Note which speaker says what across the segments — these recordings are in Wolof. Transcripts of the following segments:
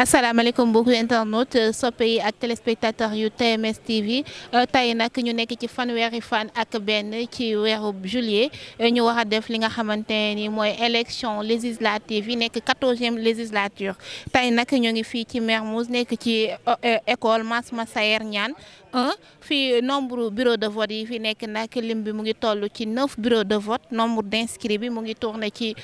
Speaker 1: asalaamaaleykum mbokki internaute soppe yi ak téléspectateur yu TMS TV euh, tey nag ñu nekk ci fan fanweeri fan ak benn ci weeru juillet euh, ñu war a def li nga xamante ni mooy élection législative yi nekk quatorzième législature tey nag ñu ngi fii ci Mermoz nekk ci euh, école Mass Massaër Niane un fii nombre bureau de vote yi fi nekk nag lim bi mu ngi toll ci neuf bureau de vote nombre d' inscrits bi mu ngi tourné ci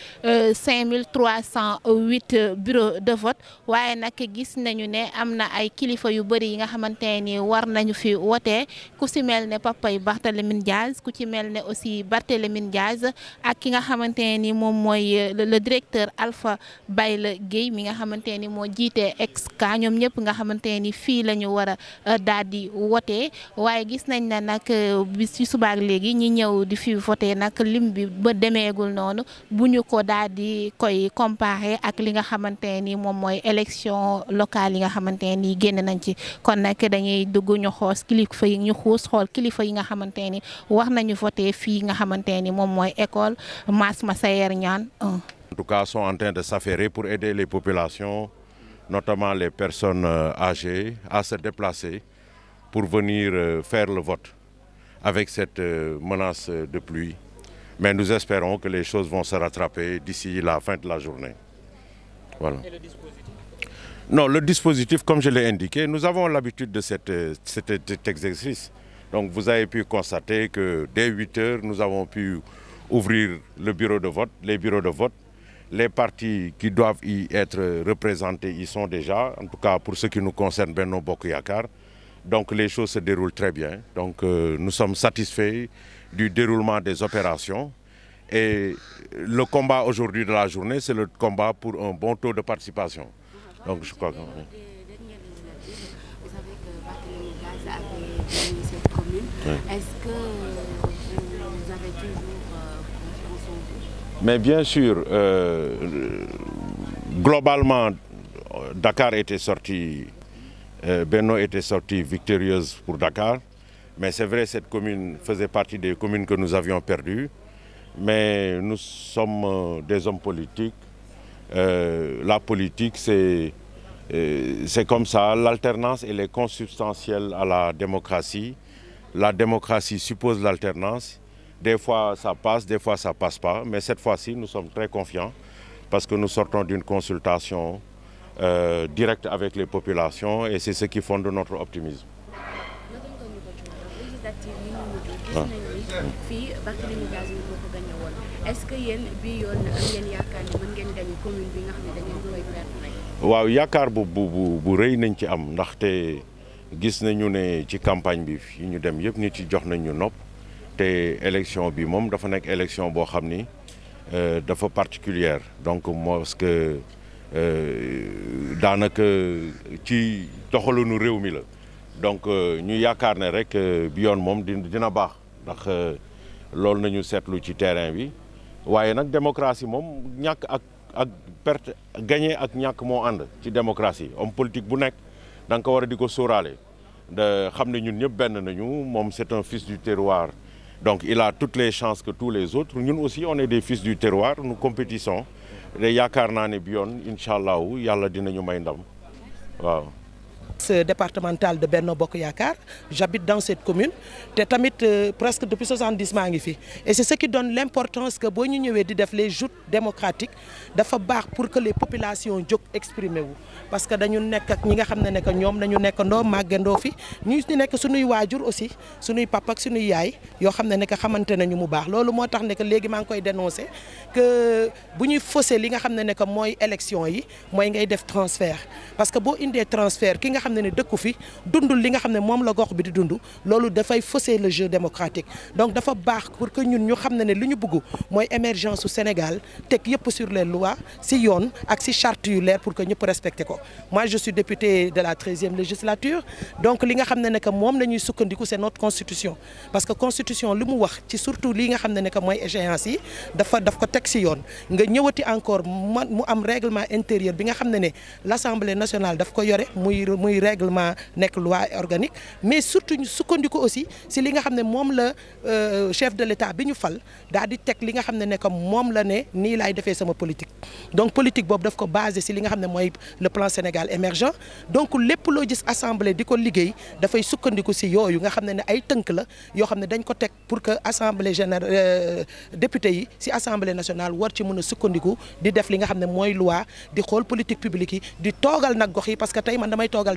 Speaker 1: cinq mille trois cent huit bureau de vote waaye nag gis nañu ne am na ay kilifa yu bëri yi nga xamante ni war nañu fi woote ku si mel ne papay Barthélémy Diaz ku ci mel ne aussi Barthélémy Diaz ak ki nga xamante ni moom mooy euh, le directeur Alpha bay la Guèye mi nga xamante ni moo jiite Exca ñoom ñëpp nga xamante ni fii la ñu war a euh, daal di wote waaye gis nañ ne nag euh, bis ci subaak léegi ñi ñëw di fi voté nag lim bi ba demeegul noonu bu ñu ko daal di koy comparé ak li nga xamante ni moom mooy élection élection locale yi nga xamante ni génn nañ ci kon nag dañuy dugg ñu xoos kilifa yi ñu xuus xool kilifa yi nga xamante ni wax nañu voté fii nga xamante ni moom mooy école Mass Massaër Niane ñaan
Speaker 2: en tout cas sont en train de s'affairer pour aider les populations notamment les personnes euh, âgées à se déplacer pour venir euh, faire le vote avec cette euh, menace de pluie mais nous espérons que les choses vont se rattraper d'ici la fin de la journée Non, le dispositif, comme je l'ai indiqué, nous avons l'habitude de cette, euh, cet, euh, cet exercice. Donc vous avez pu constater que dès 8 heures, nous avons pu ouvrir le bureau de vote, les bureaux de vote. Les partis qui doivent y être représentés y sont déjà, en tout cas pour ce qui nous concerne, Benno Bokuyakar. Donc les choses se déroulent très bien. Donc euh, nous sommes satisfaits du déroulement des opérations. Et le combat aujourd'hui de la journée, c'est le combat pour un bon taux de participation. Donc je crois que euh, vous savez euh, bien sûr, euh, globalement, Dakar était sorti, euh, Benno était sorti victorieuse pour Dakar. Mais c'est vrai, cette commune faisait partie des communes que nous avions perdues. Mais nous sommes euh, des hommes politiques Euh, la politique, c'est euh, comme ça. L'alternance, elle est consubstantielle à la démocratie. La démocratie suppose l'alternance. Des fois, ça passe, des fois, ça passe pas. Mais cette fois-ci, nous sommes très confiants parce que nous sortons d'une consultation euh, directe avec les populations et c'est ce qui fonde notre optimisme. waaw yaakaar bu bu rëy nañ ci am ndaxte gis nañu ne ci campagne bi yi ñu dem yëpp nit yi jox nañ ñu nopp te élection bi moom dafa nekk élection boo xam ni euh, dafa particulière donc parce que euh, daanaka ci doxalinu réew mi la donc euh, ñu yaakaar ne rek bi yoon moom dina baax ndax loolu nañu seetlu ci terrain bi waaye nag démocratie moom ñàkk ak ak perte gagné ak ñàkk moo ànd ci démocratie homme politique bu nekk da nga ko war a di ko sóoraale da xam ne ñun ñëpp benn nañu moom c'est un fils du terroir donc il a toutes les chances que tous les autres ñun aussi on est des fils du terroir nous compétissons te yaakaar naa ne bi yoon incha allahu yàlla dinañu may ndam waaw
Speaker 3: départementale de Benno Bokk Yaakaar j'habite dans cette commune te tamit euh, presque depuis 70 maa ngi fi et c'est ce qui donne l'importance que boo ñu ñëwee di def les joutes démocratiques dafa baax pour que les populations jóg exprimer wu parce que dañu nekk ak ñi nga xam ne ne que ñoom nañu nekkandoo màggandoo fi ñu ñu nekk suñuy waajur aussi suñuy papa ak suñuy yaay yoo xam ne ne que xamante nañu mu baax loolu moo tax ne que léegi maa ngi koy dénoncer que bu ñuy faussé li nga xam ne ne que mooy élection yi mooy ngay def transfert parce xam ne ne dëkku fi dundul li nga xam ne moom la gox bi di dund loolu dafay fausser le jeu démocratique donc dafa baax pour que ñun ñu xam ne ne li ñu bëgg mooy émergence su Sénégal teg yëpp sur les lois si yoon ak si charte yu pour que ñëpp respecté ko moi je suis député de la treizième législature donc li nga xam ne ne que moom la ñuy sukkandiku c'est notre constitution parce que constitution li mu wax ci surtout li nga xam ne ne que mooy échéance yi dafa daf ko teg si yoon nga ñëwati encore mu am règlement intérieur bi nga xam ne ne l'Assemblée nationale daf ko yore muy muy règlement nekk loi organique mais surtout ñu sukkandiku aussi si li nga xam ne moom la euh, chef de l'État bi ñu fal daal di teg li nga xam ne ne moom la ne nii laay defee sama politique donc politique boobu daf ko basé si li nga xam ne mooy le plan Sénégal émergent donc lépp loo gis assemblée di ko liggéey dafay sukkandiku si yooyu nga xam ne ne ay tënk la yoo xam ne dañ ko teg pour que assemblée générale euh, député yi si assemblée nationale war ci mën a sukkandiku di def li nga xam ne mooy loi di xool politique publique yi di toogal nag gox yi parce que tey man damay toogal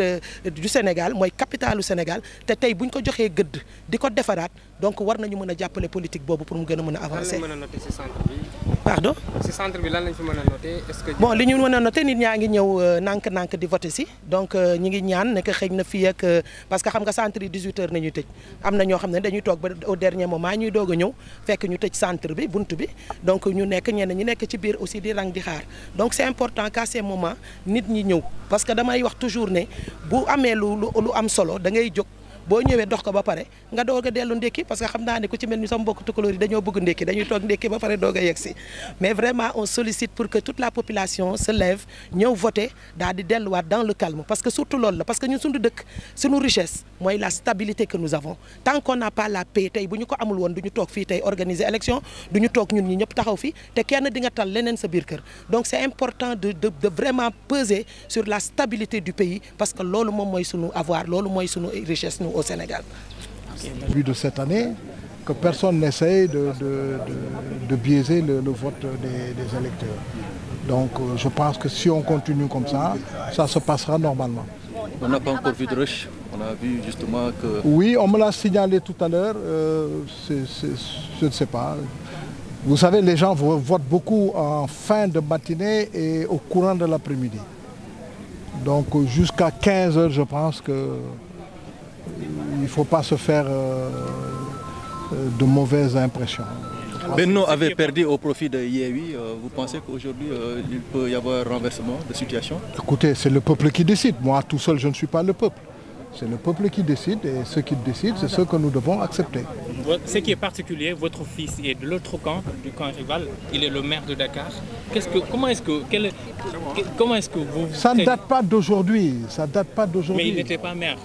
Speaker 3: du Sénégal mooy capitalu Sénégal te tey bu ñu ko joxee gëdd di ko defaraat donc war nañu mën a jàppale politique boobu pour mu gën a mën a avancer.
Speaker 4: pardon. ci centre bi lan lañ fi mën a noter est-ce que. bon li ñu mën a noter
Speaker 3: nit ñaa ngi ñëw euh, nànk-nànk di voter si donc euh, ñi ngi ñaan nekk xëy na fii ak euh, parce que xam nga centre yi 18 heures tëj am na ñoo xam ne dañuy toog ba au dernier moment ñuy doog a ñëw fekk ñu tëj centre bi bunt bi donc ñu nekk ñenn ñu nekk ci biir aussi di rang di xaar donc c'est important qu'à moment nit ñi ñëw parce que damay wax toujours ne bu amee lu lu am solo da ngay jóg. boo ñëwee dox ko ba pare nga doog a dellu ndékki parce que xam naa ne ku ci mel ni sama mbokk tukulóor yi dañoo bëgg ndékki dañuy toog ndékki ba pare doog a yegg si mais vraiment on sollicite pour que toute la population se lève ñëw voter daal di delluwaat dans le calme parce que surtout loolu la parce que ñun suñu dëkk suñu richesse mooy la stabilité que nous avons tant qu'on n'a pas la paix tey bu ñu ko amul woon du ñu toog fii tey organiser élection du ñu toog ñun ñi ñëpp taxaw fi te kenn di nga leneen sa biir kër donc c'est important de de de vraiment peser sur stabilité du parce que loolu moom mooy sunu avoir loolu mooy sunu richesse au Sénégal. Depuis
Speaker 5: de cette année, que personne n'essaye de, de, de, de, biaiser le, le vote des, des, électeurs. Donc euh, je pense que si on continue comme ça, ça se passera normalement.
Speaker 3: On n'a pas encore vu de rush. On a vu justement que... Oui,
Speaker 5: on me l'a signalé tout à l'heure. Euh, je ne sais pas. Vous savez, les gens votent beaucoup en fin de matinée et au courant de l'après-midi. Donc jusqu'à 15 heures, je pense que... il ne faut pas se faire euh, euh, de mauvaises impressions.
Speaker 3: Benno avait perdu au profit de Yéwi. Euh, vous pensez qu'aujourd'hui, il peut y avoir renversement de situation
Speaker 5: Écoutez, c'est le peuple qui décide. Moi, tout seul, je ne suis pas le peuple. C'est le peuple qui décide et ceux qui décident, c'est ce que nous devons accepter.
Speaker 4: Ce qui est particulier, votre fils est de l'autre camp, du camp rival. Il est le maire de Dakar. Qu'est-ce que, comment est-ce que, quel, comment est-ce que vous... Ça ne date
Speaker 5: pas d'aujourd'hui. Ça date pas d'aujourd'hui. Mais il n'était pas maire.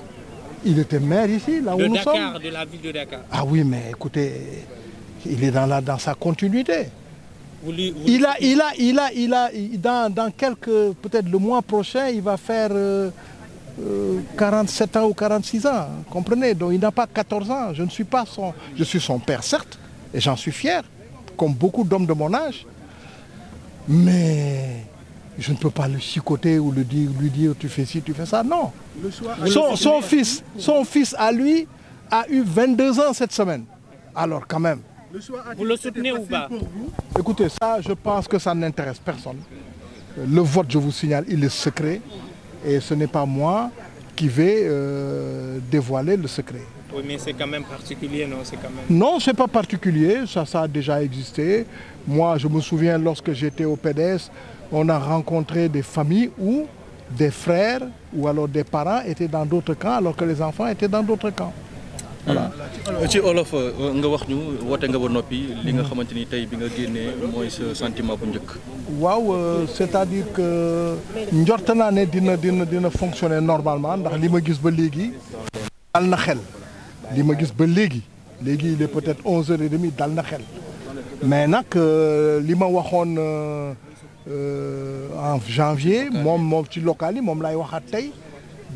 Speaker 5: Il était maire là où de nous sommes. De la ville de Dakar. Ah oui, mais écoutez, il est dans, la, dans sa continuité.
Speaker 4: Vous lui, vous il,
Speaker 5: a, dans, dans quelques, peut-être le mois prochain, il va faire euh, euh, 47 ans ou 46 ans, comprenez Donc il n'a pas 14 ans, je ne suis pas son... père, certes, et j'en suis fier, comme beaucoup d'hommes de mon âge, je ne peux pas le chicoter ou le dire, lui dire tu fais ci, tu fais ça. Non. son, fils, à lui a eu 22 ans cette semaine. Alors quand même. Le soir, Écoutez, ça, pense que ça n'intéresse personne. Le vote, je vous signale, il est secret. Et ce n'est pas moi qui vais euh, dévoiler le secret.
Speaker 4: Oui, mais c'est quand même particulier, non c'est quand même...
Speaker 5: Non, ce n'est pas particulier, ça, a déjà existé. je me souviens lorsque j'étais au PDS, on a rencontré des familles où des frères ou alors des parents étaient dans d'autres camps alors que les enfants étaient dans d'autres camps.
Speaker 3: voilà hmm. euh, ci olof euh, nga wax ñu woote nga ba noppi. li nga xamante ni tey bi nga génnee mooy sa sentiment bu njëkk.
Speaker 5: waaw euh, c'est-à-dire que njort naa ne dina dina dina fonctionner normalement ndax li ma gis ba léegi. dal na xel li ma gis ba léegi léegi il est peut-être onze heures et demie dal na xel mais nag li ma waxoon. Euh, en janvier moom moom ci local yi moom laay waxaat tey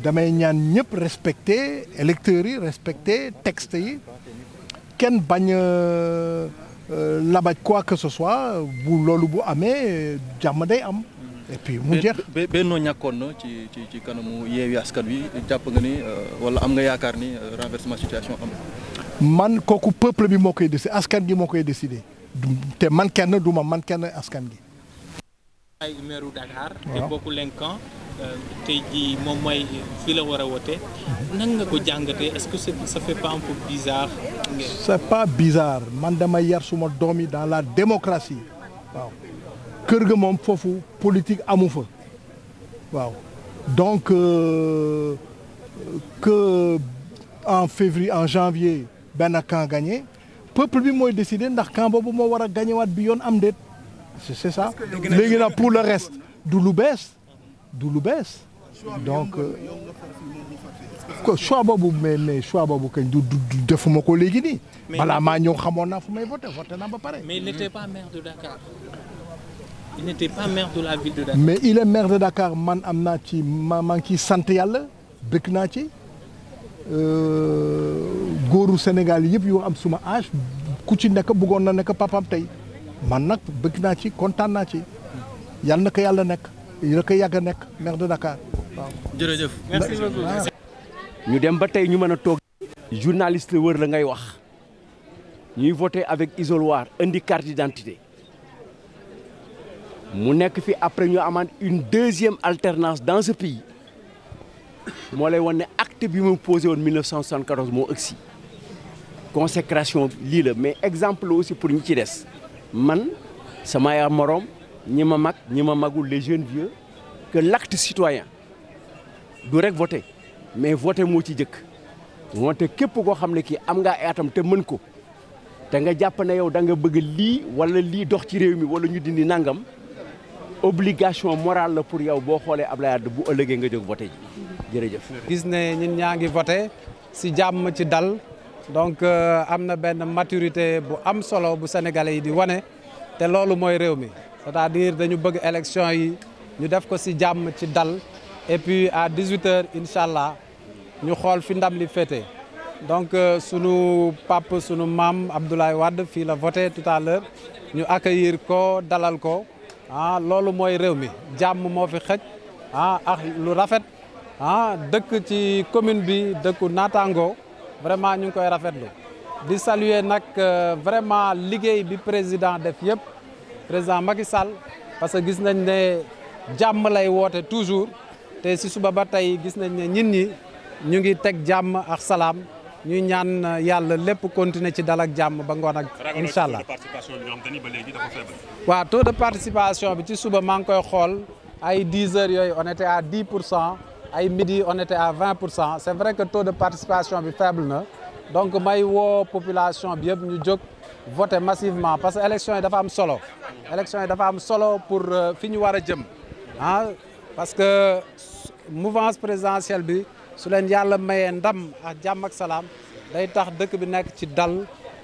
Speaker 5: damay ñaan ñëpp respecter électeurs yi respecter texte yi kenn bañ a euh, labaj quoi que ce soit bu loolu bu amee jàmm day am
Speaker 3: et mu jeex. Benno ñàkkoon na ci ci ci kanamu Yewwi Askan Wi jàpp nga ni euh, wala am nga yaakaar ni
Speaker 4: renversement situation am.
Speaker 5: man kooku peuple bi moo koy décidé askan gi moo koy décidé te man kenn du ma man kenn askan gi.
Speaker 4: ay meeru Dakar te bokku euh, moom mooy fii la war a wote nan nga ko jàngatee est-ce que ça fait pas un peu bizarre
Speaker 5: c'est pas bizarre man dama yar suma doom yi dans la démocratie waaw kër ga moom foofu politique amu fa waaw donc euh, en février en janvier benn camp gagné peuple bi mooy décider ndax camp boobu moo war a gagné bi yoon am déet c'est ça léegi nag pour le reste du lu bees du lu bees donc euh, choix boobu mais mais choix boobu kañ du defuma ko léegi nii. balaa maa ñëw xamoon naa
Speaker 4: fu may voté voté ba pare. mais il n'était pas maire de est
Speaker 5: maire de Dakar man am naa ci ma maa ngi sant yàlla bëgg naa ci euh, góoru Sénégal yëpp yow am suma âge ku ci nekk bëggoon na nekk papam tey. man nag bëgg naa ci kontaan naa ci yal na yàlla nekk yal na ko yàgg a nekk maire de Dakar
Speaker 4: jërëjëf ñu dem ba tey ñu mën a toog. journaliste wër la ngay wax ñuy voté avec isoloir indi carte d'identité mu nekk fi après ñu amaat une deuxième alternance dans ce pays moo lay wan ne acte bi mu posé woon 1974 moo ëgsi consécration lii la mais exemple aussi pour ñi ci des. man sama yaa moroom ñi ma mag ñi ma magul les jeunes vieux que l'acte citoyen du rek voter mais voter moo ci jëkk wante képp koo xam ne kii am nga ay atam te mën ko te nga jàpp ne yow da nga bëgg lii wala lii dox ci réew mi wala ñu dindi nangam obligation morale la pour yow boo xoolee Ablaye Wade bu ëllëgee nga jóg voter ji jërëjëf. gis ne ñun ñaa ngi voter si jàmm ci dal. donc euh, am na benn maturité bu am solo bu sénégalais yi di wane te loolu mooy réew mi cest à dañu bëgg élection yi ñu def ko si jàmm ci dal et puis à 18 heures incha allah ñu xool fi ndam li féete donc euh, sunu pap sunu maam Abdoulaye Wade fii la voté tout ñu accueillir ko dalal ko ah loolu mooy réew mi jàmm moo fi xëj ah lu rafet ah dëkk ci commune bi dëkku naataango vraiment ñu ngi koy rafetlu di saluer nag euh, vraiment liggéey bi président def yëpp président Macky Sall parce que gis nañ ne jàmm lay woote toujours te si suba ba tey gis nañ ne ñit ñi ñu ngi teg jàmm ak salaam ñuy ñaan euh, yàlla lépp continuer ci dal ak jàmm ba ngoon ak incha allah waaw taux de participation bi ci suba maa ngi koy xool ay 10 heures yooyu on était à pour cent ay midi on était à vingt pour cent c'est vrai que taux de participation bi faible na donc may woo population bi yëpp ñu jog voter massivement parce que élection yi dafa am solo élection yi dafa am solo pour euh, fi ñu war a jëm ah parce que mouvance présidentielle bi su leen yàlla maye ndam ak jàmm ak salaam day tax dëkk bi nekk ci dal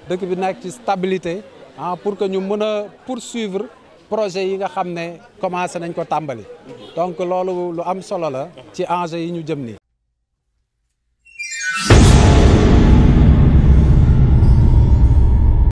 Speaker 4: dëkk bi nekk ci stabilité ah pour que ñu mën a poursuivre projet yi nga xam ne commencé nañ ko tàmbali donc loolu lu am solo la ci enjeu yi ñu jëm nii